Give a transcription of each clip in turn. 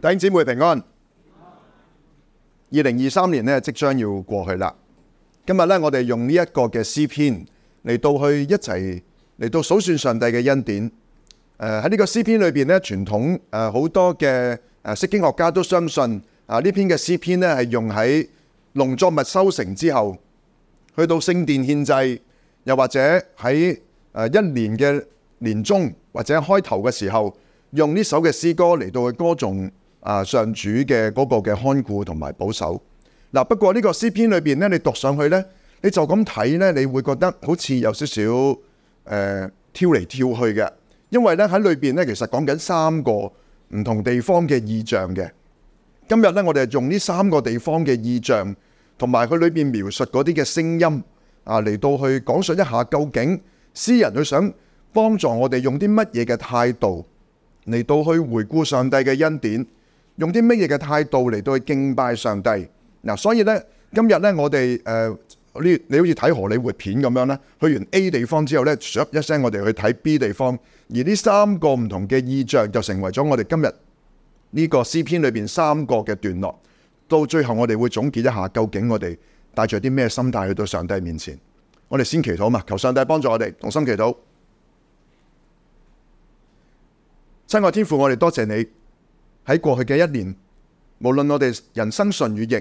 弟兄姊妹平安。二零二三年呢，即將要過去啦。今日呢，我哋用呢一個嘅詩篇嚟到去一齊嚟到數算上帝嘅恩典。喺、呃、呢個詩篇裏邊呢，傳統誒好、呃、多嘅誒釋經學家都相信啊呢、呃、篇嘅詩篇呢係用喺農作物收成之後，去到聖殿獻祭，又或者喺一年嘅年終或者開頭嘅時候，用呢首嘅詩歌嚟到去歌頌。啊！上主嘅嗰個嘅看顧同埋保守嗱、啊，不過呢個詩篇裏面咧，你讀上去咧，你就咁睇咧，你會覺得好似有少少誒跳嚟跳去嘅，因為咧喺裏面咧，其實講緊三個唔同地方嘅意象嘅。今日咧，我哋用呢三個地方嘅意象，同埋佢裏面描述嗰啲嘅聲音啊，嚟到去講述一下究竟詩人佢想幫助我哋用啲乜嘢嘅態度嚟到去回顧上帝嘅恩典。用啲乜嘢嘅態度嚟到去敬拜上帝嗱，Now, 所以咧今日咧我哋呢、呃、你好似睇荷里活片咁樣咧，去完 A 地方之後咧，唰一聲我哋去睇 B 地方，而呢三個唔同嘅意象就成為咗我哋今日呢個詩篇裏面三個嘅段落。到最後我哋會總結一下，究竟我哋帶著啲咩心態去到上帝面前？我哋先祈禱嘛，求上帝幫助我哋同心祈禱。親愛天父，我哋多謝你。喺過去嘅一年，無論我哋人生順與逆，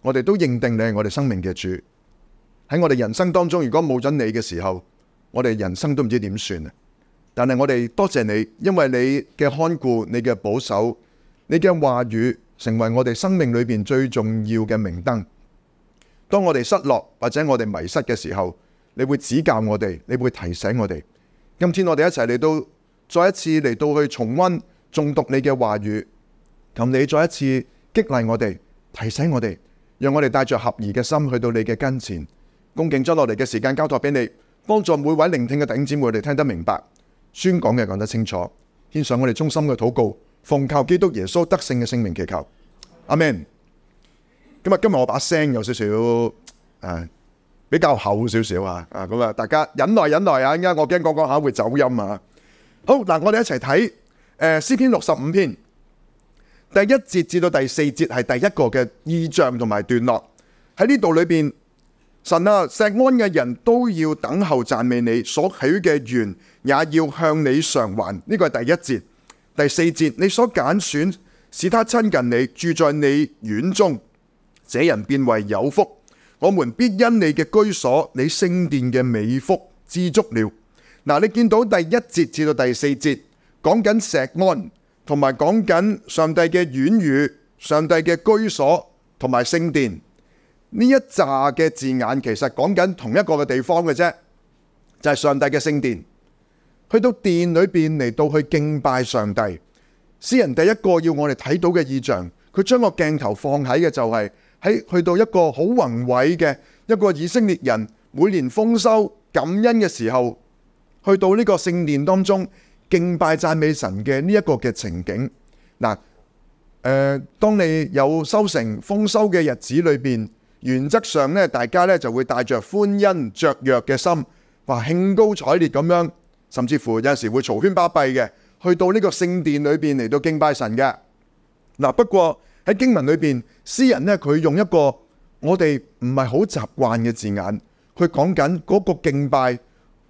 我哋都認定你係我哋生命嘅主。喺我哋人生當中，如果冇咗你嘅時候，我哋人生都唔知點算啊！但係我哋多謝你，因為你嘅看顧、你嘅保守、你嘅話語，成為我哋生命裏邊最重要嘅明燈。當我哋失落或者我哋迷失嘅時候，你會指教我哋，你會提醒我哋。今天我哋一齊嚟到，再一次嚟到去重溫。誦讀你嘅話語，求你再一次激勵我哋，提醒我哋，讓我哋帶着合宜嘅心去到你嘅跟前，恭敬將落嚟嘅時間交託俾你，幫助每位聆聽嘅弟兄姊妹哋聽得明白，宣講嘅講得清楚，獻上我哋衷心嘅禱告，奉靠基督耶穌得勝嘅聖名祈求，阿門。今日今日我把聲有少少誒，比較厚少少啊，啊咁啊，大家忍耐忍耐啊，而家我驚講講下會走音啊。好，嗱我哋一齊睇，誒，詩篇六十五篇第一節至到第四節係第一個嘅意象同埋段落喺呢度裏邊，神啊，錫安嘅人都要等候讚美你所許嘅願，也要向你償還。呢、這個係第一節，第四節你所揀選使他親近你，住在你院中，這人變為有福。我們必因你嘅居所，你聖殿嘅美福知足了。嗱、呃，你見到第一節至到第四節。講緊錫安，同埋講緊上帝嘅院宇，上帝嘅居所同埋聖殿，呢一紮嘅字眼其實講緊同一個嘅地方嘅啫，就係上帝嘅聖殿。去到殿裏邊嚟到去敬拜上帝，詩人第一個要我哋睇到嘅意象，佢將個鏡頭放喺嘅就係喺去到一個好宏偉嘅一個以色列人每年豐收感恩嘅時候，去到呢個聖殿當中。敬拜讚美神嘅呢一個嘅情景，嗱，誒，當你有收成豐收嘅日子裏邊，原則上咧，大家咧就會帶着歡欣雀躍嘅心，話興高采烈咁樣，甚至乎有陣時會嘈喧巴閉嘅，去到呢個聖殿裏邊嚟到敬拜神嘅。嗱、呃，不過喺經文裏邊，詩人咧佢用一個我哋唔係好習慣嘅字眼去講緊嗰個敬拜，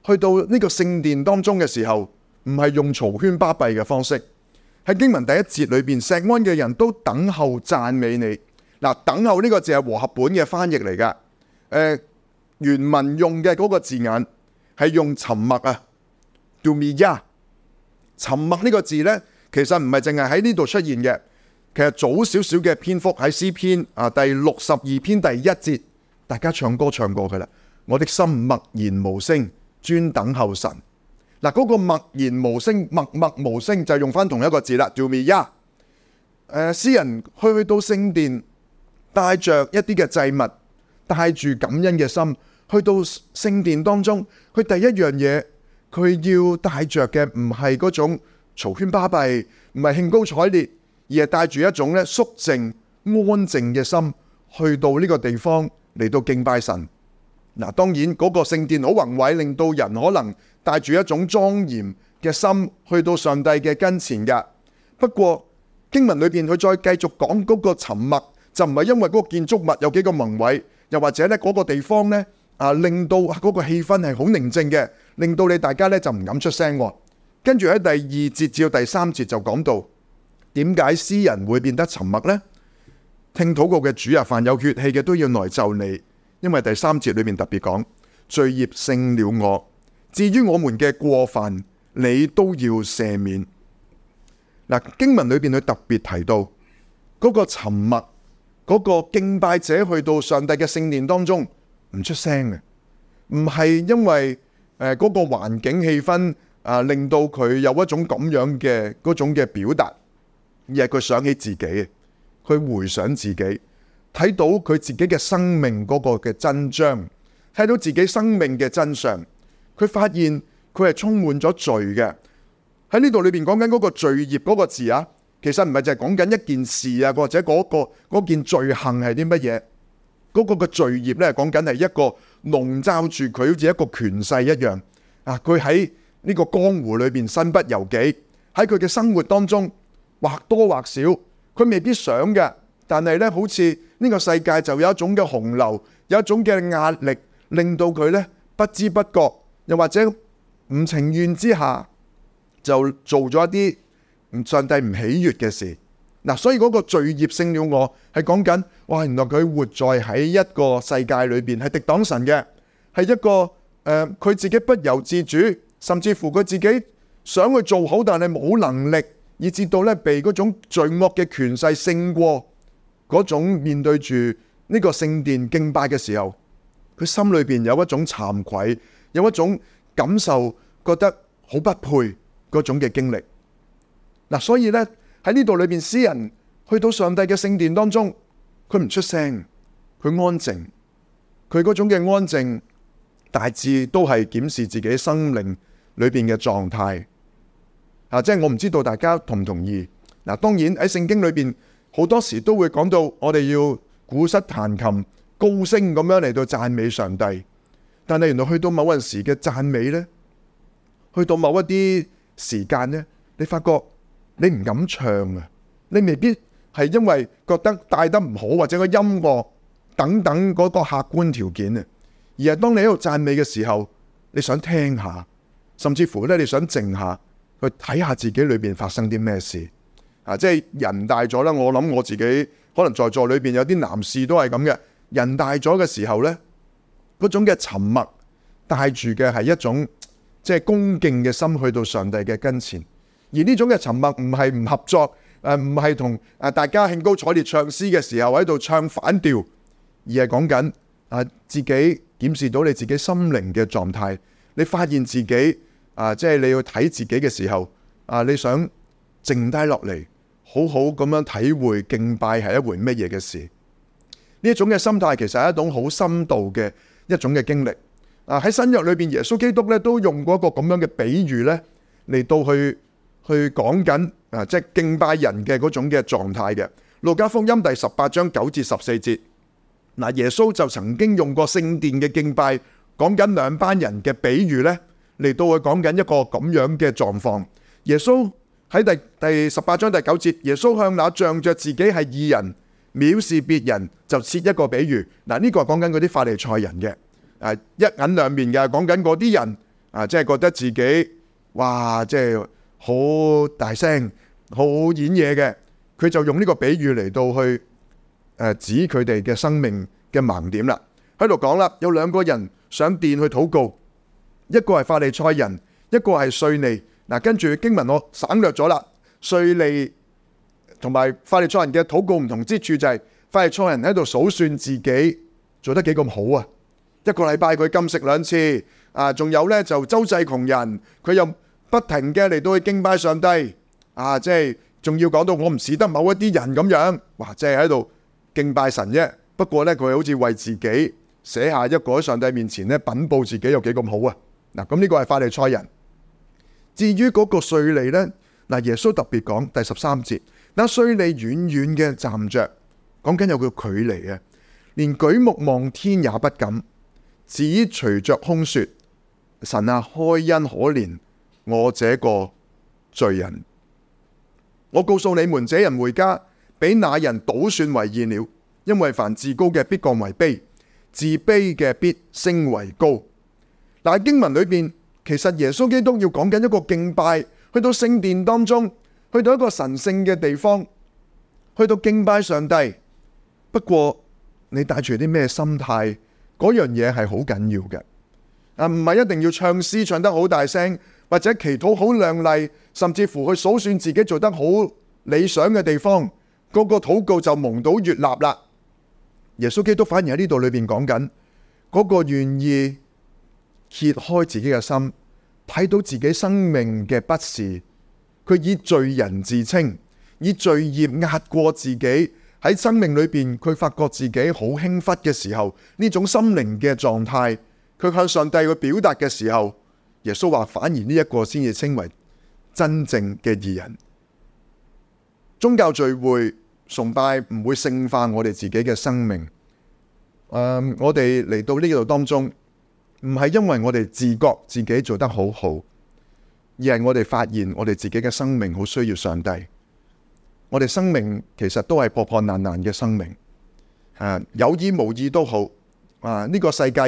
去到呢個聖殿當中嘅時候。唔係用嘈喧巴閉嘅方式，喺經文第一節裏邊，錫安嘅人都等候讚美你。嗱，等候呢個字係和合本嘅翻譯嚟嘅，呃，原文用嘅嗰個字眼係用沉默啊，do me 呀。沉默呢個字呢，其實唔係淨係喺呢度出現嘅，其實早少少嘅篇幅喺詩篇啊第六十二篇第一節，大家唱歌唱過佢啦。我的心默然無聲，專等候神。嗱，嗰個默然無聲默默無聲就用翻同一個字啦。叫咩呀？誒，詩人去到聖殿，帶着一啲嘅祭物，帶住感恩嘅心去到聖殿當中。佢第一樣嘢，佢要帶着嘅唔係嗰種嘈喧巴閉，唔係興高采烈，而係帶住一種咧肅靜安靜嘅心去到呢個地方嚟到敬拜神。嗱、呃，當然嗰、個聖殿好宏偉，令到人可能～帶住一種莊嚴嘅心去到上帝嘅跟前嘅。不過經文裏邊佢再繼續講嗰個沉默，就唔係因為嗰個建築物有幾個宏偉，又或者咧嗰個地方咧啊令到嗰個氣氛係好寧靜嘅，令到你大家咧就唔敢出聲喎。跟住喺第二節至到第三節就講到點解詩人會變得沉默呢？聽禱告嘅主啊，凡有血氣嘅都要來就你，因為第三節裏面特別講罪孽勝了我。至於我們嘅過犯，你都要赦免。嗱，經文裏面，佢特別提到嗰個沉默，嗰個敬拜者去到上帝嘅聖殿當中唔出聲嘅，唔係因為誒嗰個環境氣氛啊令到佢有一種咁樣嘅嗰種嘅表達，而係佢想起自己，去回想自己，睇到佢自己嘅生命嗰個嘅真章，睇到自己生命嘅真相。佢發現佢係充滿咗罪嘅。喺呢度裏面講緊嗰個罪業嗰個字啊，其實唔係就係講緊一件事啊，或者嗰個嗰件罪行係啲乜嘢？嗰個嘅罪業咧，講緊係一個籠罩住佢好似一個權勢一樣啊！佢喺呢個江湖裏面身不由己，喺佢嘅生活當中或多或少，佢未必想嘅，但係咧好似呢個世界就有一種嘅洪流，有一種嘅壓力，令到佢咧不知不覺。又或者唔情願之下就做咗一啲唔上帝唔喜悦嘅事，嗱、啊，所以嗰個罪孽勝了我，係講緊哇，原來佢活在喺一個世界裏邊，係敵擋神嘅，係一個誒，佢、呃、自己不由自主，甚至乎佢自己想去做好，但係冇能力，以至到咧被嗰種罪惡嘅權勢勝過，嗰種面對住呢個聖殿敬拜嘅時候，佢心裏邊有一種慚愧。有一種感受，覺得好不配嗰種嘅經歷。嗱、啊，所以咧喺呢度裏邊，詩人去到上帝嘅聖殿當中，佢唔出聲，佢安靜，佢嗰種嘅安靜，大致都係檢視自己生靈裏邊嘅狀態。啊，即係我唔知道大家同唔同意。嗱、啊，當然喺聖經裏邊，好多時都會講到我哋要鼓瑟彈琴，高聲咁樣嚟到讚美上帝。但係原來去到某陣時嘅讚美咧，去到某一啲時間咧，你發覺你唔敢唱啊！你未必係因為覺得帶得唔好或者個音樂等等嗰個客觀條件啊，而係當你喺度讚美嘅時候，你想聽下，甚至乎咧你想靜下去睇下自己裏邊發生啲咩事啊！即係人大咗啦，我諗我自己可能在座裏邊有啲男士都係咁嘅，人大咗嘅時候咧。嗰種嘅沉默，帶住嘅係一種即係恭敬嘅心去到上帝嘅跟前。而呢種嘅沉默唔係唔合作，誒唔係同誒大家興高采烈唱詩嘅時候，喺度唱反調，而係講緊誒自己檢視到你自己心靈嘅狀態。你發現自己啊，即係你要睇自己嘅時候，啊你想靜低落嚟，好好咁樣體會敬拜係一回乜嘢嘅事。呢一種嘅心態其實係一種好深度嘅。一種嘅經歷，啊喺新約裏邊，耶穌基督咧都用過一個咁樣嘅比喻咧嚟到去去講緊啊，即係敬拜人嘅嗰種嘅狀態嘅。路加福音第十八章九至十四節，嗱耶穌就曾經用過聖殿嘅敬拜講緊兩班人嘅比喻咧嚟到去講緊一個咁樣嘅狀況。耶穌喺第第十八章第九節，耶穌向那仗著自己係義人，藐視別人就設一個比喻嗱，呢個係講緊嗰啲法利賽人嘅，誒一銀兩面嘅，講緊嗰啲人啊，即係覺得自己哇，即係好大聲、好演嘢嘅，佢就用呢個比喻嚟到去誒指佢哋嘅生命嘅盲點啦。喺度講啦，有兩個人上殿去禱告，一個係法利賽人，一個係稅吏嗱，跟住經文我省略咗啦，稅吏。同埋法利賽人嘅禱告唔同之處就係，法利賽人喺度數算自己做得幾咁好啊。一個禮拜佢禁食兩次啊，仲有咧就周濟窮人，佢又不停嘅嚟到去敬拜上帝啊，即係仲要講到我唔似得某一啲人咁樣，哇，即係喺度敬拜神啫。不過咧，佢好似為自己寫下一個喺上帝面前咧，稟報自己有幾咁好啊。嗱、啊，咁呢個係法利賽人。至於嗰個稅吏咧，嗱，耶穌特別講第十三節。那稅吏遠遠嘅站着，講緊有個距離啊，連舉目望天也不敢，只隨着空說。神啊，開恩可憐我這個罪人。我告訴你們，這人回家，比那人倒算為義了，因為凡自高嘅必降為卑，自卑嘅必升為高。但嗱，經文裏邊其實耶穌基督要講緊一個敬拜，去到聖殿當中。去到一個神聖嘅地方，去到敬拜上帝。不過你帶住啲咩心態，嗰樣嘢係好緊要嘅。啊，唔係一定要唱詩唱得好大聲，或者祈禱好靚麗，甚至乎去數算自己做得好理想嘅地方，嗰個禱告就蒙到悅納啦。耶穌基督反而喺呢度裏邊講緊，嗰個願意揭開自己嘅心，睇到自己生命嘅不是。佢以罪人自稱，以罪孽壓過自己喺生命裏邊，佢發覺自己好輕忽嘅時候，呢種心靈嘅狀態，佢向上帝去表達嘅時候，耶穌話反而呢一個先至稱為真正嘅義人。宗教聚會崇拜唔會聖化我哋自己嘅生命。誒，我哋嚟到呢度當中，唔係因為我哋自覺自己做得好好。而係我哋發現，我哋自己嘅生命好需要上帝。我哋生命其實都係破破爛爛嘅生命，啊有意無意都好。啊、這、呢個世界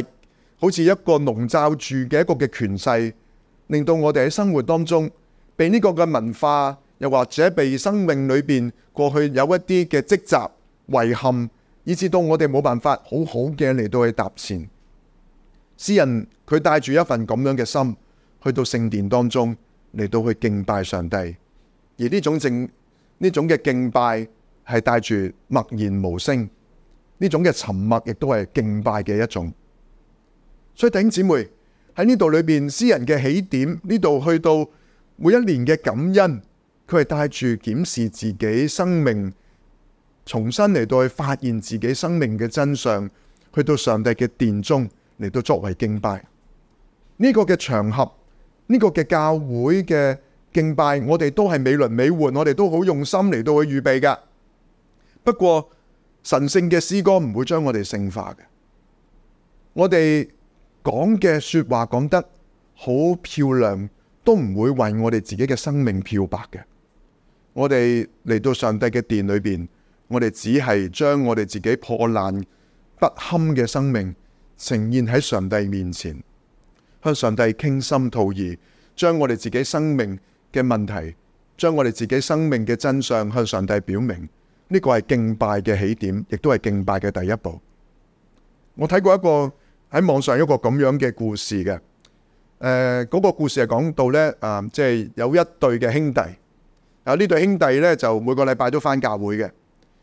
好似一個籠罩住嘅一個嘅權勢，令到我哋喺生活當中，被呢個嘅文化，又或者被生命裏邊過去有一啲嘅積習遺憾，以至到我哋冇辦法很好好嘅嚟到去搭線。詩人佢帶住一份咁樣嘅心。去到聖殿當中嚟到去敬拜上帝，而呢種敬呢種嘅敬拜係帶住默然無聲，呢種嘅沉默亦都係敬拜嘅一種。所以弟兄姊妹喺呢度裏邊，詩人嘅起點呢度去到每一年嘅感恩，佢係帶住檢視自己生命，重新嚟到去發現自己生命嘅真相，去到上帝嘅殿中嚟到作為敬拜呢、這個嘅場合。呢、這個嘅教會嘅敬拜，我哋都係美輪美奐，我哋都好用心嚟到去預備噶。不過神聖嘅詩歌唔會將我哋聖化嘅，我哋講嘅說話講得好漂亮，都唔會為我哋自己嘅生命漂白嘅。我哋嚟到上帝嘅殿裏邊，我哋只係將我哋自己破爛不堪嘅生命呈現喺上帝面前。向上帝傾心吐意，將我哋自己生命嘅問題，將我哋自己生命嘅真相向上帝表明，呢個係敬拜嘅起點，亦都係敬拜嘅第一步。我睇過一個喺網上一個咁樣嘅故事嘅，誒、呃，嗰個故事係講到呢，啊、呃，即係有一對嘅兄弟，啊，呢對兄弟呢，就每個禮拜都翻教會嘅，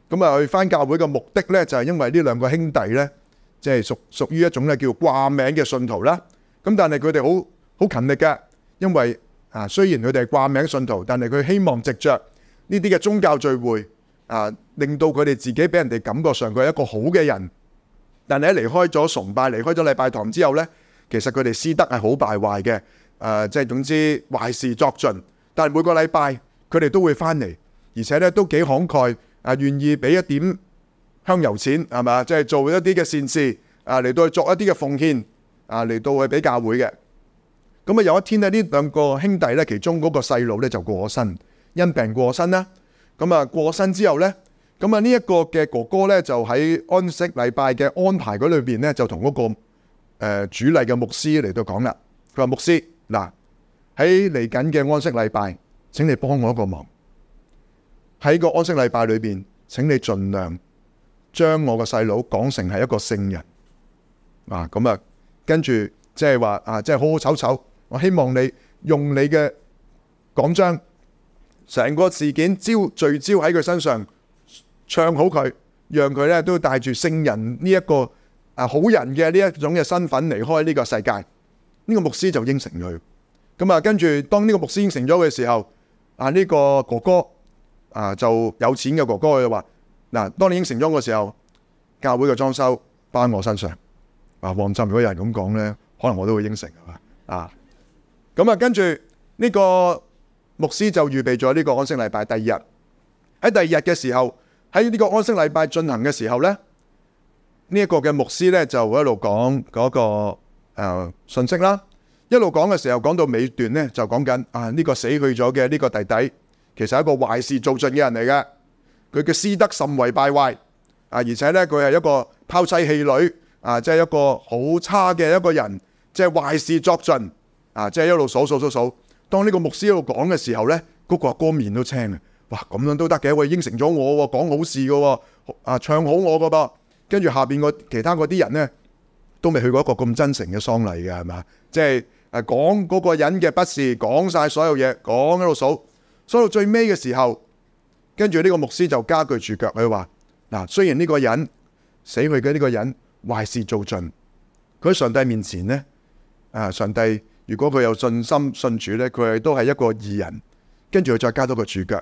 咁啊去翻教會嘅目的呢，就係因為呢兩個兄弟呢，即係屬屬於一種咧叫做掛名嘅信徒啦。咁但係佢哋好好勤力㗎，因為啊雖然佢哋係掛名信徒，但係佢希望藉着呢啲嘅宗教聚會啊，令到佢哋自己俾人哋感覺上佢係一個好嘅人。但係一離開咗崇拜、離開咗禮拜堂之後咧，其實佢哋私德係好敗壞嘅。誒，即係總之壞事作盡。但係每個禮拜佢哋都會翻嚟，而且咧都幾慷慨啊，願意俾一點香油錢係嘛，即係、就是、做一啲嘅善事啊，嚟到去作一啲嘅奉獻。啊，嚟到去俾教會嘅，咁啊，有一天呢，呢兩個兄弟咧，其中嗰個細佬咧就過身，因病過身啦。咁啊，過身之後咧，咁啊，呢一個嘅哥哥咧就喺安息禮拜嘅安排嗰裏邊咧，就同嗰個、誒、呃、主禮嘅牧師嚟到講啦。佢話牧師，嗱，喺嚟緊嘅安息禮拜，請你幫我一個忙，喺個安息禮拜裏邊，請你盡量將我個細佬講成係一個聖人啊，咁啊。跟住即係話啊，即係好好丑醜。我希望你用你嘅講章，成個事件焦聚焦喺佢身上，唱好佢，讓佢咧都帶住聖人呢一個啊好人嘅呢一種嘅身份離開呢個世界。呢個牧師就應承佢。咁啊，跟住當呢個牧師應承咗嘅時候，啊呢個哥哥啊就有錢嘅哥哥佢就話：嗱，當你應承咗嘅時候，教會嘅裝修包我身上。啊！王震，如果有人咁講咧，可能我都會應承係啊！咁啊，跟住呢、這個牧師就預備咗呢個安息禮拜第二日。喺第二日嘅時候，喺呢個安息禮拜進行嘅時候咧，呢、這、一個嘅牧師咧就一路講嗰、那個誒、呃、信息啦。一路講嘅時候，講到尾段咧就講緊啊！呢、這個死去咗嘅呢個弟弟，其實係一個壞事做盡嘅人嚟嘅。佢嘅私德甚為敗壞啊！而且咧，佢係一個拋妻棄女。啊，即係一個好差嘅一個人，即係壞事作盡。啊，即係一路數數數數。當呢個牧師一路講嘅時候咧，嗰、嗰個阿哥,哥面都青嘅。哇，咁樣都得嘅，喂，應承咗我，講好事嘅，啊唱好我嘅噃。跟住下邊其他嗰啲人咧，都未去過一個咁真誠嘅喪禮嘅係嘛？即係誒、啊、講嗰個人嘅不是，講晒所有嘢，講一路數，數到最尾嘅時候，跟住呢個牧師就加句註腳佢話：嗱、啊，雖然呢個人死去嘅呢個人。死壞事做盡，佢喺上帝面前呢。啊！上帝如果佢有信心信主呢，佢係都係一個義人。跟住佢再加多個註腳，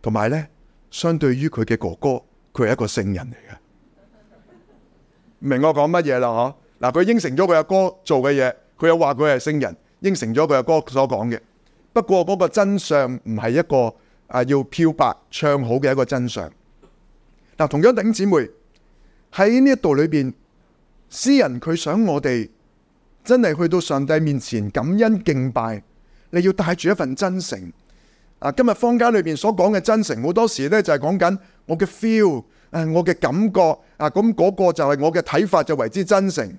同埋呢，相對於佢嘅哥哥，佢係一個聖人嚟嘅。 明我講乜嘢啦？嗬、啊，嗱，佢應承咗佢阿哥做嘅嘢，佢又話佢係聖人，應承咗佢阿哥所講嘅。不過嗰個真相唔係一個啊要漂白唱好嘅一個真相。嗱、啊，同樣弟兄姊妹。喺呢一度裏邊，詩人佢想我哋真係去到上帝面前感恩敬拜，你要帶住一份真誠。啊，今日坊間裏面所講嘅真誠，好多時咧，就係講緊我嘅 feel，誒，我嘅感覺啊，咁、那、嗰個就係我嘅睇法就為之真誠。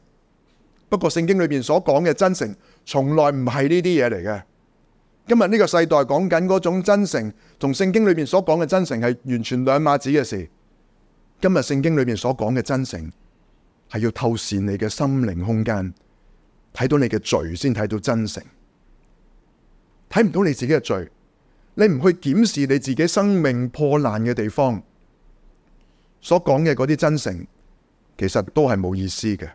不過聖經裏面所講嘅真誠，從來唔係呢啲嘢嚟嘅。今日呢個世代講緊嗰種真誠，同聖經裏面所講嘅真誠係完全兩碼子嘅事。今日聖經裏面所講嘅真誠，係要透視你嘅心靈空間，睇到你嘅罪先睇到真誠。睇唔到你自己嘅罪，你唔去檢視你自己生命破爛嘅地方，所講嘅嗰啲真誠，其實都係冇意思嘅。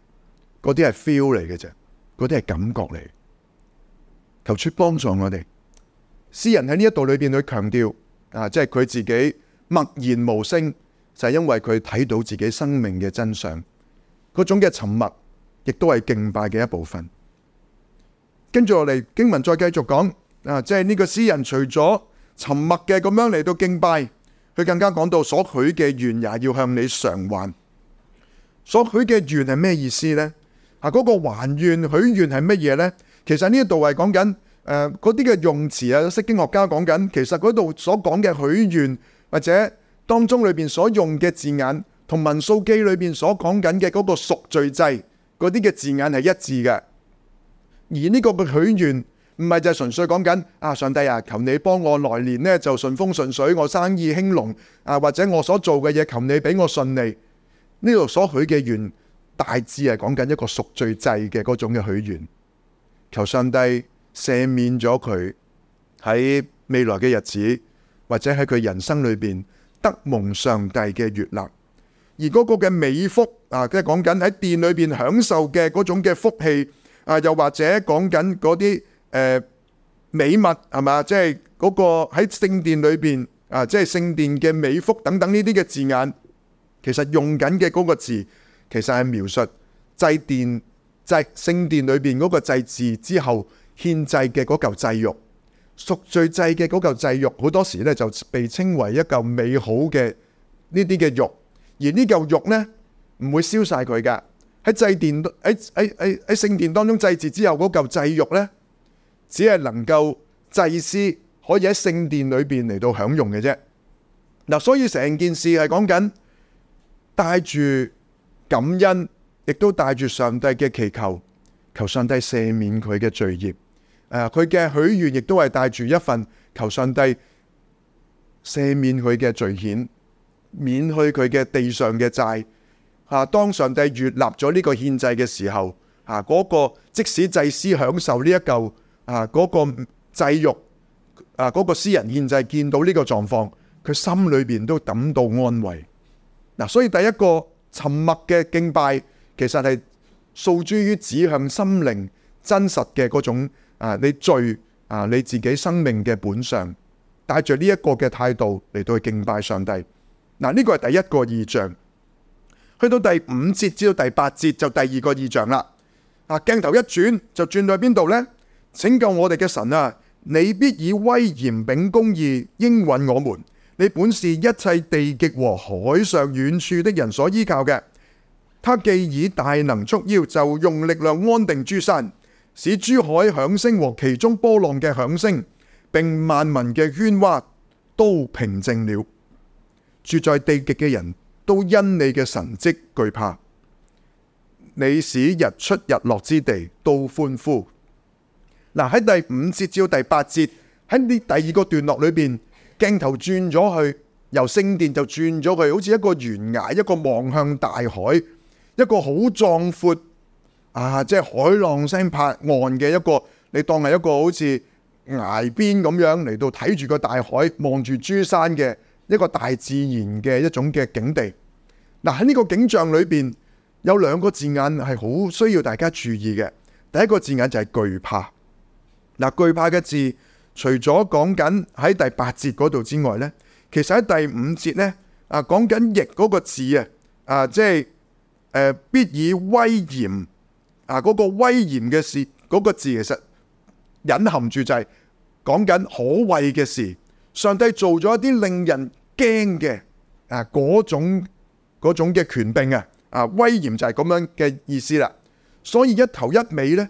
嗰啲係 feel 嚟嘅啫，嗰啲係感覺嚟。求主幫助我哋。詩人喺呢一度裏邊去強調啊，即係佢自己默然無聲。就係、是、因為佢睇到自己生命嘅真相，嗰種嘅沉默亦都係敬拜嘅一部分。跟住落嚟，經文再繼續講啊，即係呢個詩人除咗沉默嘅咁樣嚟到敬拜，佢更加講到所許嘅願也要向你償還。所許嘅願係咩意思呢？啊，嗰、那個還願許願係乜嘢呢？其實呢一度係講緊誒嗰啲嘅用詞啊，釋經學家講緊，其實嗰度所講嘅許願或者，當中裏邊所用嘅字眼，同民數記裏邊所講緊嘅嗰個贖罪祭嗰啲嘅字眼係一致嘅。而呢個嘅許願唔係就係純粹講緊啊，上帝啊，求你幫我來年呢，就順風順水，我生意興隆啊，或者我所做嘅嘢求你俾我順利。呢度所許嘅願，大致係講緊一個贖罪祭嘅嗰種嘅許願。求上帝赦免咗佢喺未來嘅日子，或者喺佢人生裏邊。得蒙上帝嘅悅納，而嗰個嘅美福啊，即係講緊喺殿裏邊享受嘅嗰種嘅福氣啊，又或者講緊嗰啲誒美物係嘛？即係嗰個喺聖殿裏邊啊，即係聖殿嘅美福等等呢啲嘅字眼，其實用緊嘅嗰個字，其實係描述祭殿、祭聖殿裏邊嗰個祭字之後獻祭嘅嗰嚿祭肉。贖罪祭嘅嗰嚿祭肉，好多時咧就被稱為一嚿美好嘅呢啲嘅肉，而呢嚿肉呢，唔會燒晒佢噶。喺祭殿喺聖殿當中祭祀之後嗰嚿祭肉呢，只係能夠祭司，可以喺聖殿裏邊嚟到享用嘅啫。嗱，所以成件事係講緊帶住感恩，亦都帶住上帝嘅祈求，求上帝赦免佢嘅罪孽。誒佢嘅許願亦都係帶住一份求上帝赦免佢嘅罪愆，免去佢嘅地上嘅債。嚇、啊，當上帝越立咗呢個獻祭嘅時候，嚇、啊、嗰、那個即使祭司享受呢一嚿嚇嗰個祭肉，啊嗰、那個詩人獻祭見到呢個狀況，佢心裏邊都感到安慰。嗱、啊，所以第一個沉默嘅敬拜其實係訴諸於指向心靈真實嘅嗰種。啊！你罪啊！你自己生命嘅本相，帶着呢一個嘅態度嚟，到去敬拜上帝。嗱、啊，呢個係第一個意象。去到第五節至到第八節就第二個意象啦。啊，鏡頭一轉，就轉到去邊度呢？拯救我哋嘅神啊！你必以威嚴秉公義應允我們。你本是一切地極和海上遠處的人所依靠嘅。他既以大能束腰，就用力量安定諸山。使諸海響聲和其中波浪嘅響聲，並萬民嘅喧嘩都平靜了。住在地極嘅人都因你嘅神蹟懼怕。你使日出日落之地都歡呼。嗱、啊、喺第五節至到第八節喺呢第二個段落裏邊，鏡頭轉咗去，由聖殿就轉咗去，好似一個懸崖，一個望向大海，一個好壯闊。啊！即係海浪聲拍岸嘅一個，你當係一個好似崖邊咁樣嚟到睇住個大海，望住珠山嘅一個大自然嘅一種嘅景地。嗱，喺呢個景象裏面，有兩個字眼係好需要大家注意嘅。第一個字眼就係懼怕。嗱、啊，懼怕嘅字，除咗講緊喺第八節嗰度之外呢，其實喺第五節呢，啊講緊「翼」嗰個字啊，啊即係、呃、必以威嚴。嗱、啊，嗰、嗰個威嚴嘅事，嗰個字其實隱含住就係講緊可畏嘅事。上帝做咗一啲令人驚嘅啊，嗰種嗰種嘅權柄啊，啊威嚴就係咁樣嘅意思啦。所以一頭一尾呢，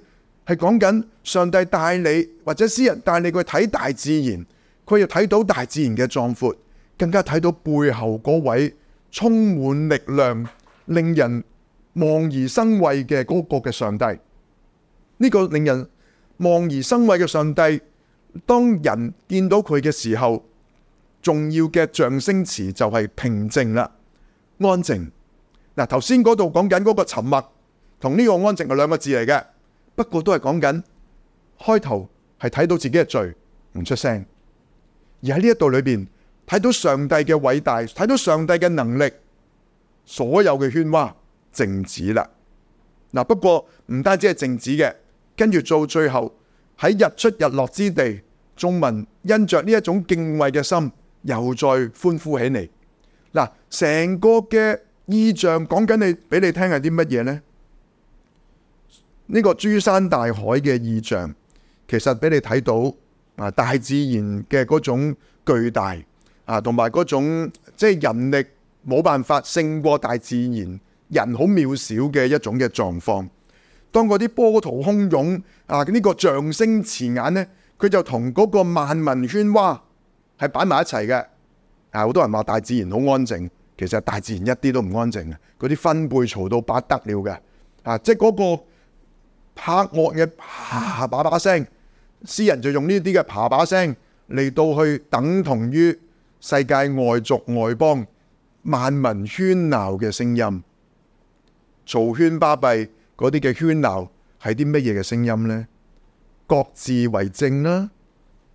係講緊上帝帶你或者詩人帶你去睇大自然，佢又睇到大自然嘅壯闊，更加睇到背後嗰位充滿力量，令人望而生畏嘅嗰個嘅上帝，呢個令人望而生畏嘅上帝，當人見到佢嘅時候，重要嘅象聲詞就係平靜啦、安靜。嗱，頭先嗰度講緊嗰個沉默，同呢個安靜係兩個字嚟嘅。不過都係講緊開頭係睇到自己嘅罪，唔出聲，而喺呢一度裏邊睇到上帝嘅偉大，睇到上帝嘅能力，所有嘅喧嘩。靜止啦嗱，啊，不過唔單止係靜止嘅，跟住做最後喺日出日落之地，眾民因着呢一種敬畏嘅心，又再歡呼起嚟嗱。成，啊、個嘅意象講緊你俾你聽係啲乜嘢呢？呢，這個珠山大海嘅意象，其實俾你睇到啊，大自然嘅嗰種巨大啊，同埋嗰種即係、就是、人力冇辦法勝過大自然。人好渺小嘅一種嘅狀況，當嗰啲波濤洶湧啊，呢、呢個象聲詞眼呢，佢就同嗰個萬民喧譁係擺埋一齊嘅。啊，好多人話大自然好安靜，其實大自然一啲都唔安靜，嗰啲分貝嘈到不得了嘅。啊，即係嗰個拍惡嘅啪、啊、把把聲，詩人就用呢啲嘅啪把聲嚟到去等同於世界外族外邦萬民喧鬧嘅聲音。嘈喧巴閉嗰啲嘅喧鬧係啲乜嘢嘅聲音呢？各自為政啦、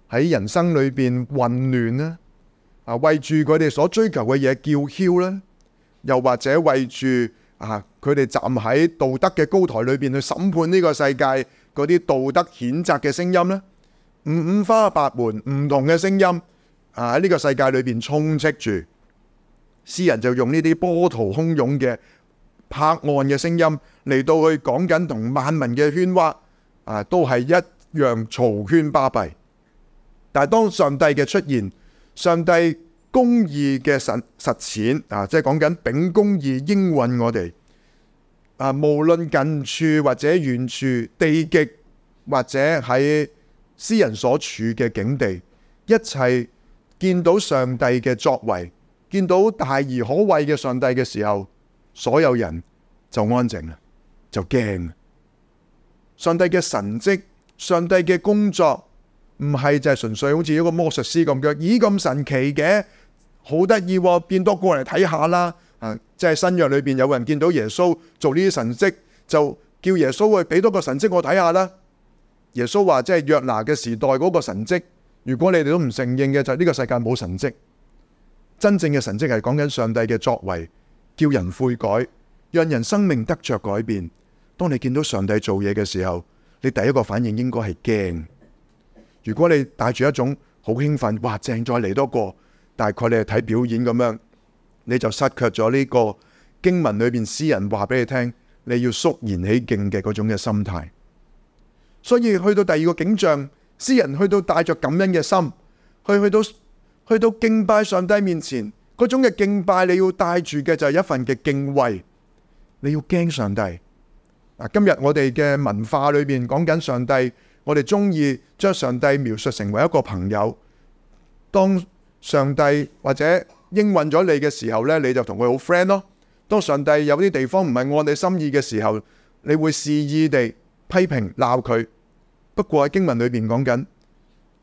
啊，喺人生裏邊混亂啦、啊，啊為住佢哋所追求嘅嘢叫囂啦、啊，又或者為住啊佢哋站喺道德嘅高台裏邊去審判呢個世界嗰啲道德譴責嘅聲音咧，五五花八門唔同嘅聲音啊喺呢個世界裏邊充斥住，詩人就用呢啲波濤洶湧嘅。拍岸嘅聲音嚟到佢講緊同萬民嘅喧嘩啊，都係一樣嘈喧巴閉。但係當上帝嘅出現，上帝公義嘅實實踐啊，即係講緊秉公義應允我哋啊，無論近處或者遠處、地極或者喺私人所處嘅境地，一切見到上帝嘅作為，見到大而可畏嘅上帝嘅時候。所有人就安靜啦，就驚啊！上帝嘅神蹟，上帝嘅工作，唔係就係純粹好似一個魔術師咁樣，咦，咁神奇嘅，好得意變多個嚟睇下啦！啊，即係新約裏邊有人見到耶穌做呢啲神蹟，就叫耶穌去俾多個神蹟我睇下啦。耶穌話即係約拿嘅時代嗰個神蹟，如果你哋都唔承認嘅，就呢個世界冇神蹟。真正嘅神蹟係講緊上帝嘅作為。叫人悔改，讓人生命得着改變。當你見到上帝做嘢嘅時候，你第一個反應應該係驚。如果你帶住一種好興奮，哇，正再嚟，多一個，大概你係睇表演咁樣，你就失卻咗呢個經文裏邊詩人話俾你聽，你要肅然起敬嘅嗰種嘅心態。所以去到第二個景象，詩人去到帶着感恩嘅心，去去到去到敬拜上帝面前。嗰種嘅敬拜你敬，你要帶住嘅就係一份嘅敬畏，你要驚上帝。今日我哋嘅文化裏面講緊上帝，我哋中意將上帝描述成為一個朋友。當上帝或者應允咗你嘅時候呢，你就同佢好 friend 咯。當上帝有啲地方唔係我哋心意嘅時候，你會肆意地批評鬧佢。不過喺經文裏面講緊，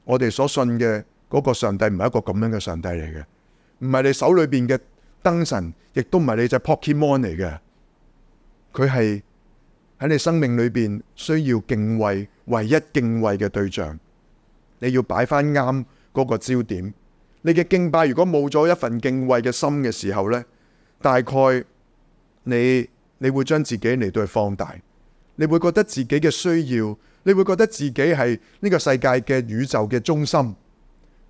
我哋所信嘅嗰個上帝唔係一個咁樣嘅上帝嚟嘅。唔係你手裏邊嘅燈神，亦都唔係你隻 Pokemon 嚟嘅。佢係喺你生命裏邊需要敬畏、唯一敬畏嘅對象。你要擺翻啱嗰個焦點。你嘅敬拜如果冇咗一份敬畏嘅心嘅時候呢，大概你你會將自己嚟到去放大，你會覺得自己嘅需要，你會覺得自己係呢個世界嘅宇宙嘅中心。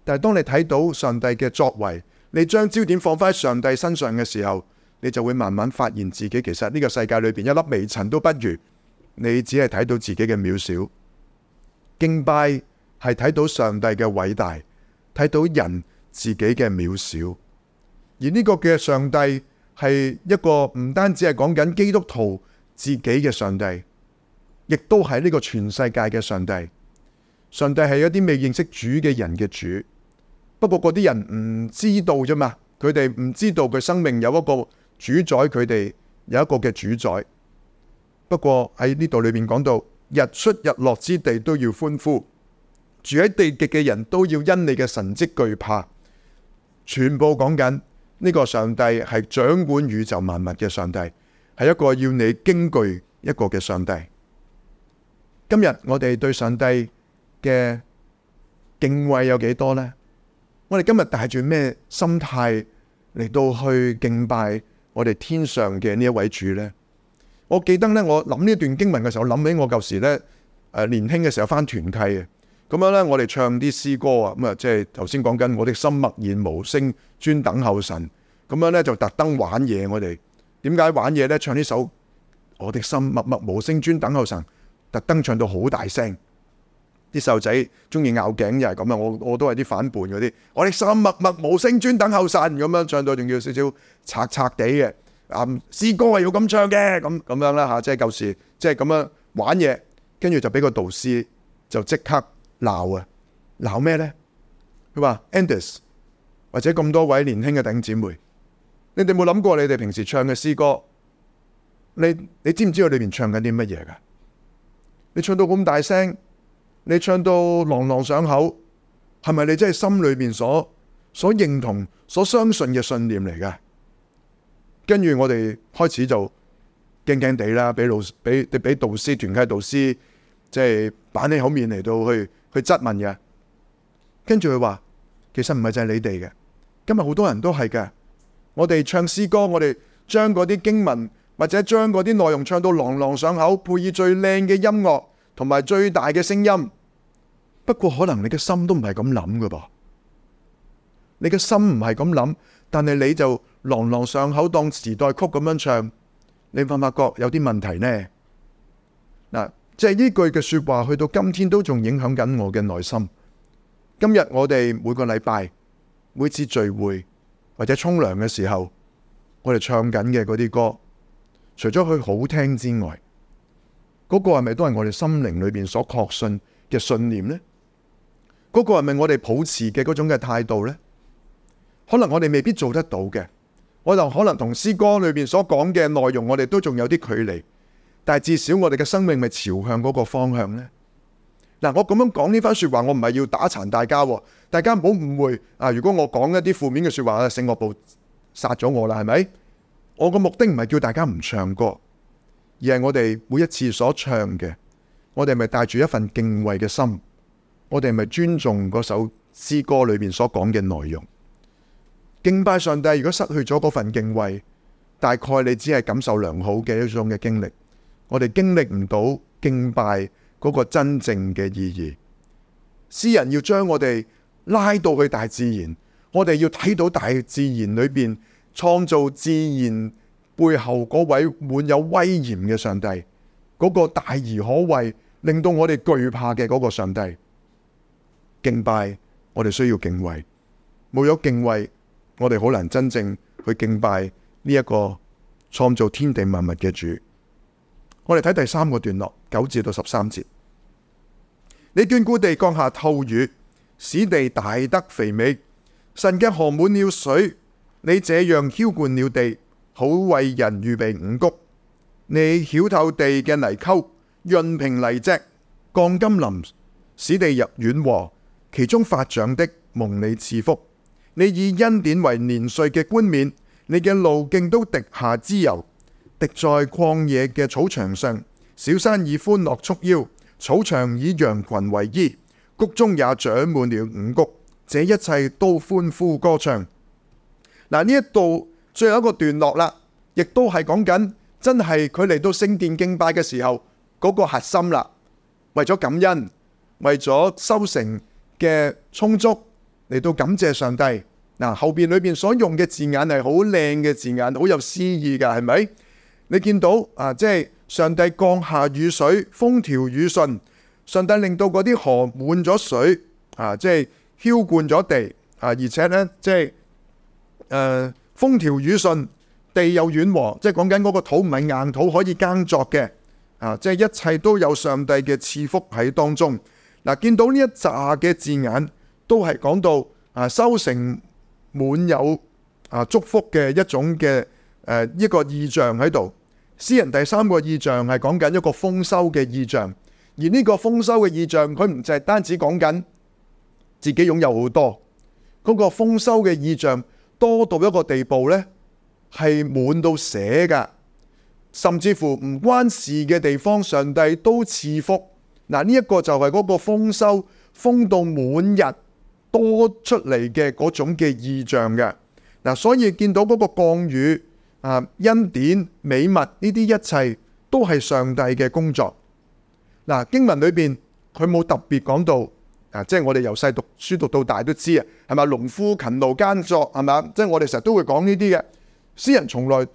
但係當你睇到上帝嘅作為，你將焦點放返喺上帝身上嘅時候，你就會慢慢發現自己其實呢個世界裏邊一粒微塵都不如。你只係睇到自己嘅渺小，敬拜係睇到上帝嘅偉大，睇到人自己嘅渺小。而呢個嘅上帝係一個唔單止係講緊基督徒自己嘅上帝，亦都係呢個全世界嘅上帝。上帝係一啲未認識主嘅人嘅主。不過嗰啲人唔知道啫嘛，佢哋唔知道佢生命有一個主宰，佢哋有一個嘅主宰。不過喺呢度裏面講到，日出日落之地都要歡呼，住喺地極嘅人都要因你嘅神跡懼怕。全部講緊呢個上帝係掌管宇宙萬物嘅上帝，係一個要你驚懼一個嘅上帝。今日我哋對上帝嘅敬畏有幾多呢？我哋今日帶住咩心態嚟到去敬拜我哋天上嘅呢一位主呢？我記得咧，我諗呢段經文嘅時候，我諗起我舊時咧，誒年輕嘅時候翻團契嘅，咁樣咧我哋唱啲詩歌啊，咁啊即係頭先講緊我的心默然無聲，專等候神，咁樣咧就特登玩嘢。我哋點解玩嘢咧？唱呢首我的心默默無聲，專等候神，特登唱到好大聲。啲細路仔中意拗頸，又係咁樣！我我都係啲反叛嗰啲，我哋心默默無聲，專等候神咁樣唱到，仲要少少刷刷地嘅啊！詩歌係要咁唱嘅，咁咁樣啦嚇，即係舊時即係咁樣玩嘢，跟住就俾個導師就即刻鬧啊！鬧咩咧？佢話：Anders，或者咁多位年輕嘅弟兄姊妹，你哋冇諗過你哋平時唱嘅詩歌，你你知唔知道裏邊唱緊啲乜嘢㗎？你唱到咁大聲！你唱到朗朗上口，係咪你真係心裏面所所認同、所相信嘅信念嚟嘅？跟住我哋開始就驚驚地啦，俾老俾俾導師、團契導師，即係板起口面嚟，到去去質問嘅。跟住佢話，其實唔係淨係你哋嘅，今日好多人都係嘅。我哋唱詩歌，我哋將嗰啲經文或者將嗰啲內容唱到朗朗上口，配以最靚嘅音樂。同埋最大嘅聲音，不過可能你嘅心都唔係咁諗㗎噃，你嘅心唔係咁諗，但係你就朗朗上口當時代曲咁樣唱，你發唔發覺有啲問題呢？嗱，即係呢句嘅說話，去到今天都仲影響緊我嘅內心。今日我哋每個禮拜、每次聚會或者沖涼嘅時候，我哋唱緊嘅嗰啲歌，除咗佢好聽之外。嗰個係咪都係我哋心靈裏面所確信嘅信念呢？嗰個係咪我哋抱持嘅嗰種嘅態度呢？可能我哋未必做得到嘅，我又可能同詩歌裏面所講嘅內容，我哋都仲有啲距離。但係至少我哋嘅生命咪朝向嗰個方向呢？嗱，我咁樣講呢番說話，我唔係要打殘大家，大家唔好誤會啊！如果我講一啲負面嘅說話，聖樂部殺咗我啦，係咪？我個目的唔係叫大家唔唱歌。而係我哋每一次所唱嘅，我哋咪帶住一份敬畏嘅心，我哋咪尊重嗰首詩歌裏邊所講嘅內容。敬拜上帝，如果失去咗嗰份敬畏，大概你只係感受良好嘅一種嘅經歷，我哋經歷唔到敬拜嗰個真正嘅意義。詩人要將我哋拉到去大自然，我哋要睇到大自然裏邊創造自然。背後嗰位滿有威嚴嘅上帝，嗰個大而可畏，令到我哋懼怕嘅嗰個上帝。敬拜我哋需要敬畏，冇有敬畏，我哋好難真正去敬拜呢一個創造天地萬物嘅主。我哋睇第三個段落九至到十三節，你眷顧地降下透雨，使地大得肥美，神嘅河滿了水，你這樣澆灌了地。好為人預備五谷，你曉透地嘅泥溝，潤平泥脊，降甘霖，使地入軟和。其中發長的蒙你賜福，你以恩典為年歲嘅冠冕，你嘅路徑都滴下之油，滴在曠野嘅草場上，小山以歡樂束腰，草場以羊群為衣，谷中也長滿了五谷，這一切都歡呼歌唱。嗱，呢一度。最後一個段落啦，亦都係講緊真係佢嚟到聖殿敬拜嘅時候嗰、那個核心啦。為咗感恩，為咗收成嘅充足，嚟到感謝上帝。嗱，後邊裏邊所用嘅字眼係好靚嘅字眼，好有詩意嘅，係咪？你見到啊，即、就、係、是、上帝降下雨水，風調雨順，上帝令到嗰啲河滿咗水啊，即係澆灌咗地啊，而且咧即係誒。就是呃風調雨順，地又軟和，即係講緊嗰個土唔係硬土，可以耕作嘅。啊，即係一切都有上帝嘅賜福喺當中。嗱、啊，見到呢一紮嘅字眼，都係講到啊，收成滿有啊祝福嘅一種嘅誒、啊、一個意象喺度。詩人第三個意象係講緊一個豐收嘅意象，而呢個豐收嘅意象，佢唔係單止講緊自己擁有好多，嗰、那個豐收嘅意象。多到一個地步呢，係滿到寫噶，甚至乎唔關事嘅地方，上帝都賜福。嗱，呢一個就係嗰個豐收，豐到滿日多出嚟嘅嗰種嘅意象嘅。嗱，所以見到嗰個降雨、啊恩典、美物呢啲一切，都係上帝嘅工作。嗱，經文裏邊佢冇特別講到。啊！即係我哋由細讀書讀到大都知啊，係咪啊？農夫勤勞耕作，係咪啊？即係我哋成日都會講呢啲嘅詩人，從來佢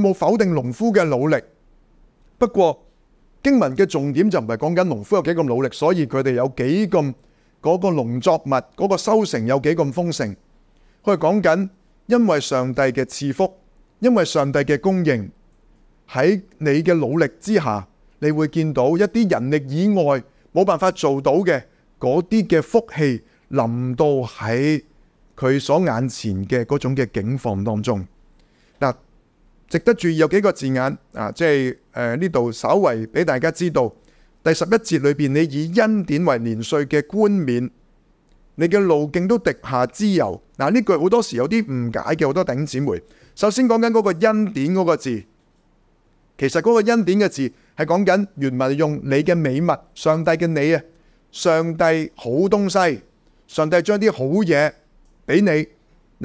冇否定農夫嘅努力。不過經文嘅重點就唔係講緊農夫有幾咁努力，所以佢哋有幾咁嗰個農作物嗰個收成有幾咁豐盛。佢係講緊因為上帝嘅賜福，因為上帝嘅供應，喺你嘅努力之下，你會見到一啲人力以外冇辦法做到嘅。嗰啲嘅福氣臨到喺佢所眼前嘅嗰種嘅境況當中，嗱，值得注意有幾個字眼啊，即係誒呢度稍微俾大家知道，第十一節裏邊你以恩典為年歲嘅冠冕，你嘅路徑都滴下脂油。嗱呢、啊、句好多時有啲誤解嘅，好多頂姊妹。首先講緊嗰個恩典嗰個字，其實嗰個恩典嘅字係講緊原文用你嘅美物，上帝嘅你啊。上帝好東西，上帝將啲好嘢俾你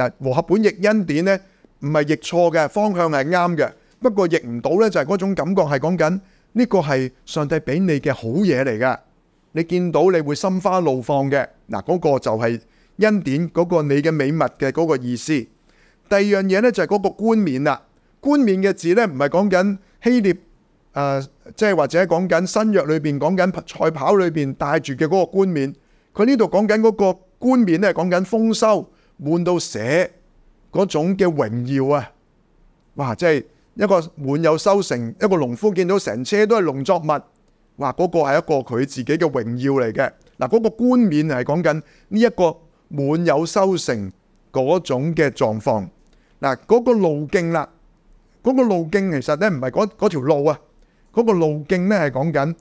嗱。和合本譯恩典咧，唔係譯錯嘅，方向係啱嘅。不過譯唔到咧，就係、是、嗰種感覺係講緊呢個係上帝俾你嘅好嘢嚟噶。你見到你會心花怒放嘅嗱，嗰、那個就係恩典嗰個你嘅美物嘅嗰個意思。第二樣嘢咧就係嗰個冠冕啦。冠冕嘅字咧唔係講緊希臘。誒、呃，即係或者講緊新約裏邊講緊賽跑裏邊帶住嘅嗰個冠冕，佢呢度講緊嗰個冠冕咧，講緊豐收滿到瀉嗰種嘅榮耀啊！哇，即係一個滿有收成，一個農夫見到成車都係農作物，哇，嗰、嗰個係一個佢自己嘅榮耀嚟嘅。嗱，嗰個冠冕係講緊呢一個滿有收成嗰種嘅狀況。嗱，嗰個路徑啦，嗰、嗰個路徑其實咧唔係嗰條路啊。嗰、那個路徑咧係講緊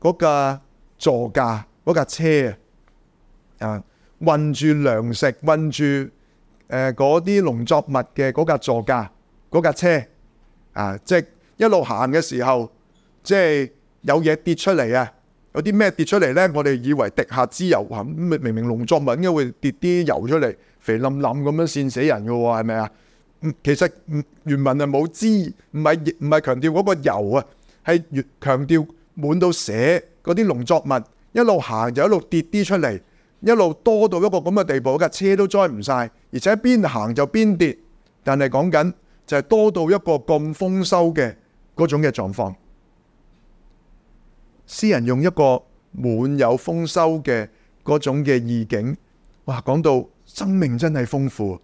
嗰架座駕嗰架車啊，運住糧食運住誒嗰啲農作物嘅嗰、那個、架座駕嗰架車啊，即、就、係、是、一路行嘅時候，即、就、係、是、有嘢跌出嚟啊！有啲咩跌出嚟咧？我哋以為滴下脂油啊！明明農作物應該會跌啲油出嚟，肥腍腍咁樣跣死人噶、哦，係咪啊？其實原文係冇知，唔係唔係強調嗰個油啊，係越強調滿到瀉嗰啲農作物，一路行就一路跌啲出嚟，一路多到一個咁嘅地步，架車都載唔晒，而且邊行就邊跌。但係講緊就係多到一個咁豐收嘅嗰種嘅狀況。詩人用一個滿有豐收嘅嗰種嘅意境，哇！講到生命真係豐富。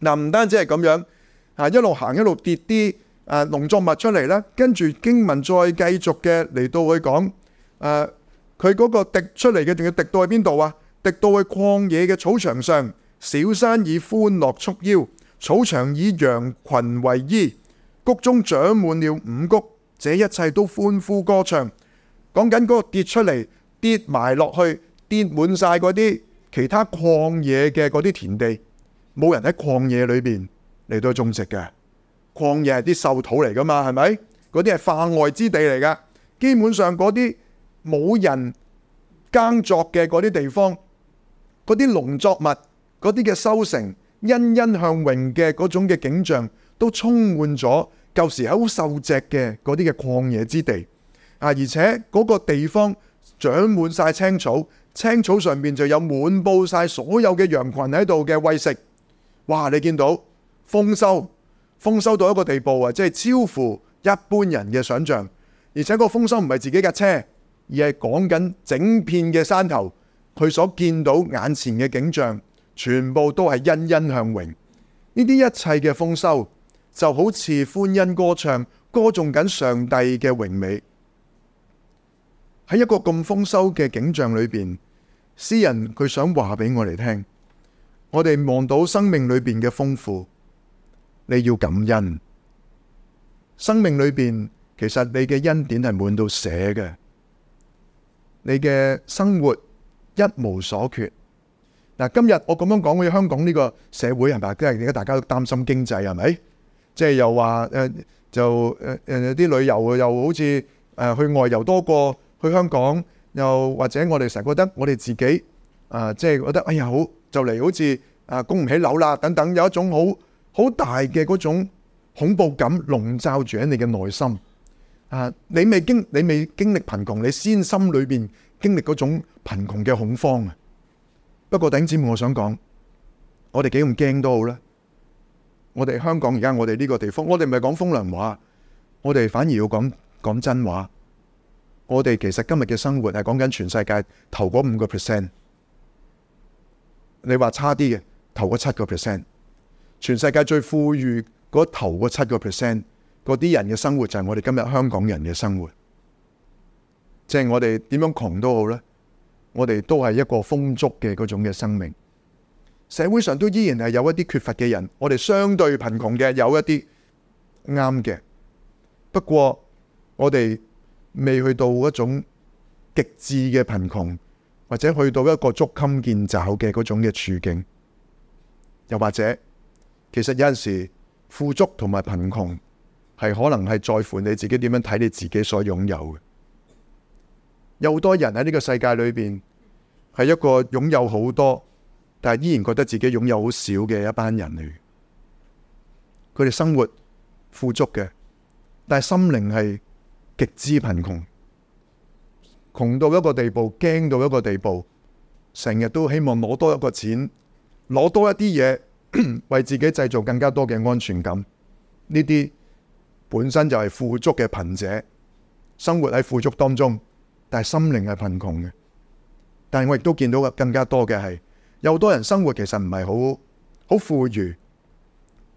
嗱、啊，唔單止係咁樣，一一一啊一路行一路跌啲啊農作物出嚟啦，跟住經文再繼續嘅嚟到去講，誒佢嗰個跌出嚟嘅，仲要滴到去邊度啊？滴到去曠野嘅草場上，小山以歡樂束腰，草場以羊群為衣，谷中長滿了五谷，這一切都歡呼歌唱。講緊嗰個跌出嚟、跌埋落去、跌滿晒嗰啲其他曠野嘅嗰啲田地。冇人喺曠野裏邊嚟到種植嘅，曠野係啲瘦土嚟噶嘛，係咪？嗰啲係化外之地嚟噶。基本上嗰啲冇人耕作嘅嗰啲地方，嗰啲農作物嗰啲嘅收成，欣欣向榮嘅嗰種嘅景象，都充滿咗舊時喺好瘦瘠嘅嗰啲嘅曠野之地啊！而且嗰個地方長滿晒青草，青草上面就有滿布晒所有嘅羊群喺度嘅餵食。哇！你見到豐收，豐收到一個地步啊，即係超乎一般人嘅想像。而且個豐收唔係自己架車，而係講緊整片嘅山頭，佢所見到眼前嘅景象，全部都係欣欣向榮。呢啲一切嘅豐收，就好似歡欣歌唱，歌頌緊上帝嘅榮美。喺一個咁豐收嘅景象裏邊，詩人佢想話俾我哋聽。我哋望到生命裏邊嘅豐富，你要感恩。生命裏邊其實你嘅恩典係滿到寫嘅，你嘅生活一無所缺。嗱，今日我咁樣講，我哋香港呢個社會係咪？今日而家大家都擔心經濟，係咪？即係又話誒，就誒誒啲旅遊又好似誒去外遊多過去香港，又或者我哋成日覺得我哋自己。啊，即係覺得哎呀好就嚟好似啊供唔起樓啦等等，有一種好好大嘅嗰種恐怖感籠罩住喺你嘅內心。啊，你未經你未經歷貧窮，你先心裏邊經歷嗰種貧窮嘅恐慌啊！不過，弟兄姊妹，我想講，我哋幾咁驚都好啦。我哋香港而家我哋呢個地方，我哋唔係講風涼話，我哋反而要講講真話。我哋其實今日嘅生活係講緊全世界頭嗰五個 percent。你話差啲嘅，頭嗰七個 percent，全世界最富裕嗰頭嗰七個 percent，嗰啲人嘅生活就係我哋今日香港人嘅生活。即係我哋點樣窮都好咧，我哋都係一個豐足嘅嗰種嘅生命。社會上都依然係有一啲缺乏嘅人，我哋相對貧窮嘅有一啲啱嘅。不過我哋未去到一種極致嘅貧窮。或者去到一個捉襟見肘嘅嗰種嘅處境，又或者，其實有陣時富足同埋貧窮係可能係在乎你自己點樣睇你自己所擁有嘅。有好多人喺呢個世界裏邊係一個擁有好多，但係依然覺得自己擁有好少嘅一班人嚟。佢哋生活富足嘅，但係心靈係極之貧窮。窮到一個地步，驚到一個地步，成日都希望攞多一個錢，攞多一啲嘢， 為自己製造更加多嘅安全感。呢啲本身就係富足嘅貧者，生活喺富足當中，但係心靈係貧窮嘅。但係我亦都見到更加多嘅係，有好多人生活其實唔係好好富裕，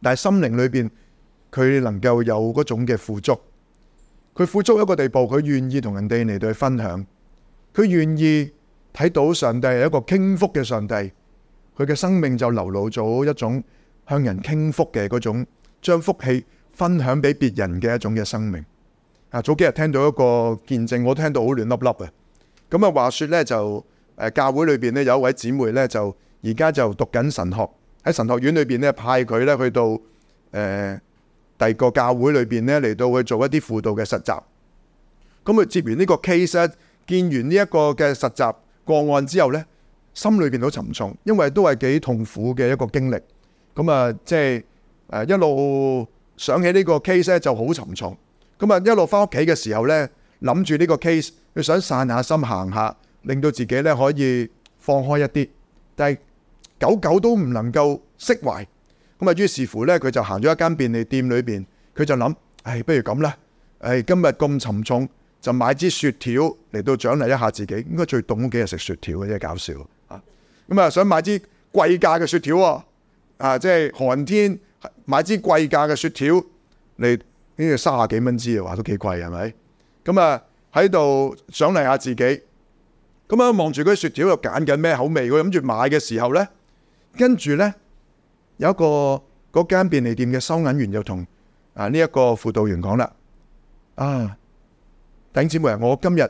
但係心靈裏邊佢能夠有嗰種嘅富足。佢付足一個地步，佢願意同人哋嚟到去分享，佢願意睇到上帝係一個傾福嘅上帝，佢嘅生命就流露咗一種向人傾福嘅嗰種，將福氣分享俾別人嘅一種嘅生命。啊，早幾日聽到一個見證，我聽到好亂粒粒嘅。咁啊，話說咧就誒，教會裏邊咧有一位姊妹咧就而家就讀緊神學，喺神學院裏邊咧派佢咧去到誒，呃第二個教會裏邊咧嚟到去做一啲輔導嘅實習，咁啊，接完呢個 case，見完呢一個嘅實習個案之後呢，心裏邊都沉重，因為都係幾痛苦嘅一個經歷。咁啊，即係一路想起呢個 case 咧就好沉重。咁啊，一路返屋企嘅時候呢，諗住呢個 case，佢想散下心行下，令到自己呢可以放開一啲，但係久久都唔能夠釋懷。咁啊！於是乎咧，佢就行咗一間便利店裏邊，佢就諗：，唉，不如咁啦！唉，今日咁沉重，就買支雪條嚟到獎勵一下自己。應該最凍嗰幾日食雪條嘅，真係搞笑啊！咁啊，想買支貴價嘅雪條啊，啊，即係寒天買支貴價嘅雪條嚟，呢度卅幾蚊支啊，話都幾貴係咪？咁啊，喺度獎勵一下自己。咁啊，望住嗰啲雪條又揀緊咩口味，佢諗住買嘅時候咧，跟住咧。有一個嗰間便利店嘅收銀員就同啊呢一個輔導員講啦：啊，頂姐妹啊，我今日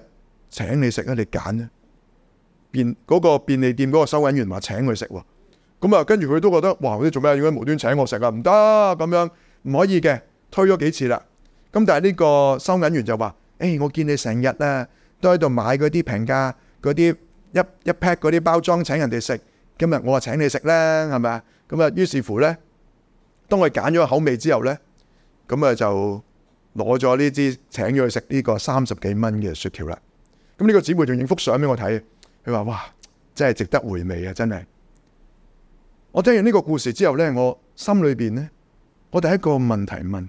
請你食啊，你揀啊，便、那、嗰個便利店嗰個收銀員話請佢食喎，咁啊跟住佢都覺得哇，嗰啲做咩要咁無端端請我食啊？唔得咁樣，唔可以嘅，推咗幾次啦。咁但係呢個收銀員就話：，誒、欸，我見你成日咧都喺度買嗰啲平價嗰啲一一 pack 嗰啲包裝請人哋食，今日我話請你食啦，係咪啊？咁啊，於是乎咧，當佢揀咗個口味之後咧，咁啊就攞咗呢支，請咗去食呢個三十幾蚊嘅雪條啦。咁呢個姊妹仲影幅相俾我睇，佢話哇，真係值得回味啊，真係。我聽完呢個故事之後咧，我心裏邊咧，我第一個問題問：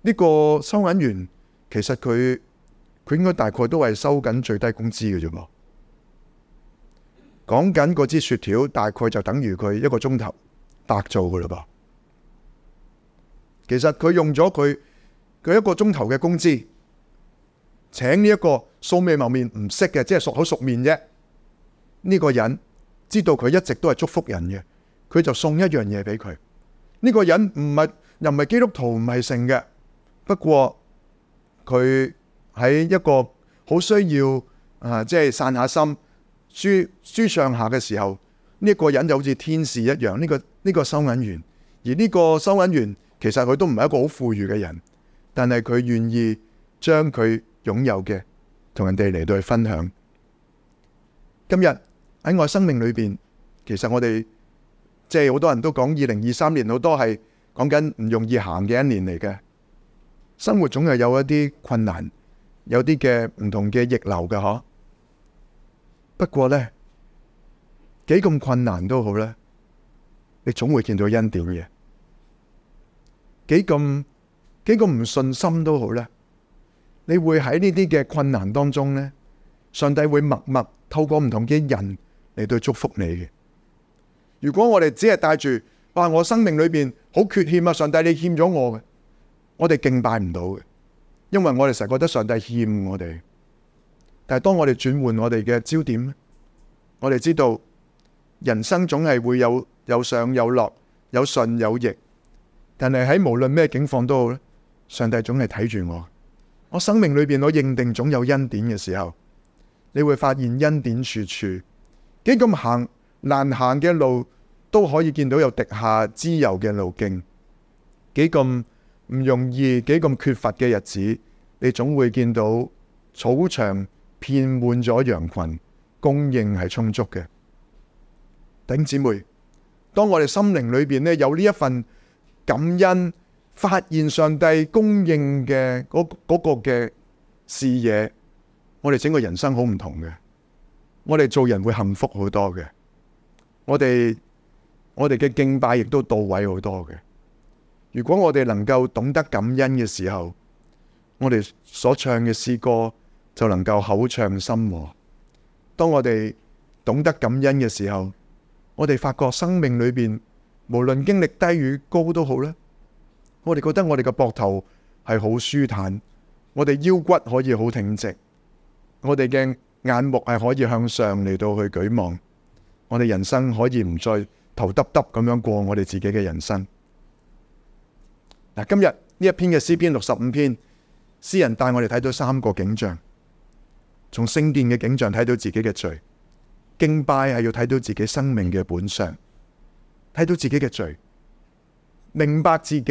呢個收銀員其實佢佢應該大概都係收緊最低工資嘅啫嘛？講緊嗰支雪條大概就等於佢一個鐘頭白做嘅咯噃。其實佢用咗佢佢一個鐘頭嘅工資，請呢一個素未謀面唔識嘅，即係熟口熟面啫。呢、這個人知道佢一直都係祝福人嘅，佢就送一樣嘢俾佢。呢、這個人唔係又唔係基督徒，唔係聖嘅。不過佢喺一個好需要啊，即、呃、係、就是、散下心。書書上下嘅時候，呢一個人就好似天使一樣。呢個呢個收銀員，而呢個收銀員其實佢都唔係一個好富裕嘅人，但係佢願意將佢擁有嘅同人哋嚟到去分享。今日喺我生命裏邊，其實我哋即係好多人都講，二零二三年好多係講緊唔容易行嘅一年嚟嘅。生活總係有一啲困難，有啲嘅唔同嘅逆流嘅，嗬。不過咧，幾咁困難都好咧，你總會見到恩典嘅。幾咁幾咁唔信心都好咧，你會喺呢啲嘅困難當中咧，上帝會默默透過唔同嘅人嚟到祝福你嘅。如果我哋只係帶住話，我生命裏邊好缺欠啊，上帝你欠咗我嘅，我哋敬拜唔到嘅，因為我哋成日覺得上帝欠我哋。但係當我哋轉換我哋嘅焦點，我哋知道人生總係會有有上有落有順有逆，但係喺無論咩境況都好，上帝總係睇住我。我生命裏邊我認定總有恩典嘅時候，你會發現恩典處處。幾咁行難行嘅路都可以見到有滴下脂油嘅路徑，幾咁唔容易，幾咁缺乏嘅日子，你總會見到草場。遍滿咗羊群，供應係充足嘅。弟兄姊妹，當我哋心靈裏邊咧有呢一份感恩，發現上帝供應嘅嗰嗰個嘅視野，我哋整個人生好唔同嘅。我哋做人會幸福好多嘅。我哋我哋嘅敬拜亦都到位好多嘅。如果我哋能夠懂得感恩嘅時候，我哋所唱嘅詩歌。就能夠口暢心和。當我哋懂得感恩嘅時候，我哋發覺生命裏邊無論經歷低與高都好咧，我哋覺得我哋個膊頭係好舒坦，我哋腰骨可以好挺直，我哋嘅眼目係可以向上嚟到去舉望，我哋人生可以唔再頭耷耷咁樣過我哋自己嘅人生。嗱，今日呢一篇嘅詩篇六十五篇，詩人帶我哋睇到三個景象。從聖殿嘅景象睇到自己嘅罪，敬拜係要睇到自己生命嘅本相，睇到自己嘅罪，明白自己，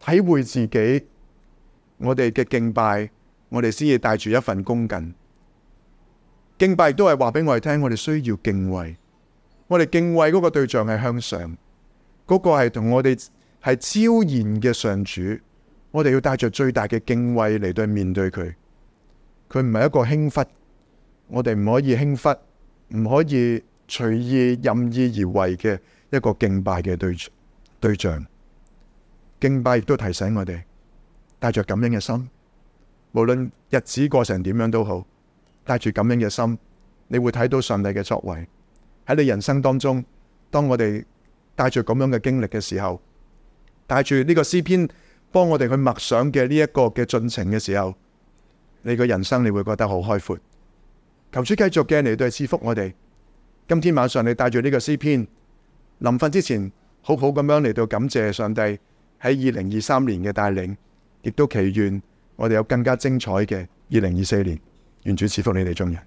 體會自己，我哋嘅敬拜，我哋先至帶住一份恭敬。敬拜都係話俾我哋聽，我哋需要敬畏，我哋敬畏嗰個對象係向上，嗰、那個係同我哋係超然嘅上主，我哋要帶着最大嘅敬畏嚟對面對佢。佢唔係一個輕忽，我哋唔可以輕忽，唔可以隨意任意而為嘅一個敬拜嘅對象。敬拜亦都提醒我哋，帶着感恩嘅心，無論日子過成點樣都好，帶住感恩嘅心，你會睇到上帝嘅作為喺你人生當中。當我哋帶住咁樣嘅經歷嘅時候，帶住呢個詩篇幫我哋去默想嘅呢一個嘅進程嘅時候。你個人生你會覺得好開闊，求主繼續嘅嚟到賜福我哋。今天晚上你帶住呢個詩篇，臨瞓之前好好咁樣嚟到感謝上帝喺二零二三年嘅帶領，亦都祈願我哋有更加精彩嘅二零二四年。願主賜福你哋眾人。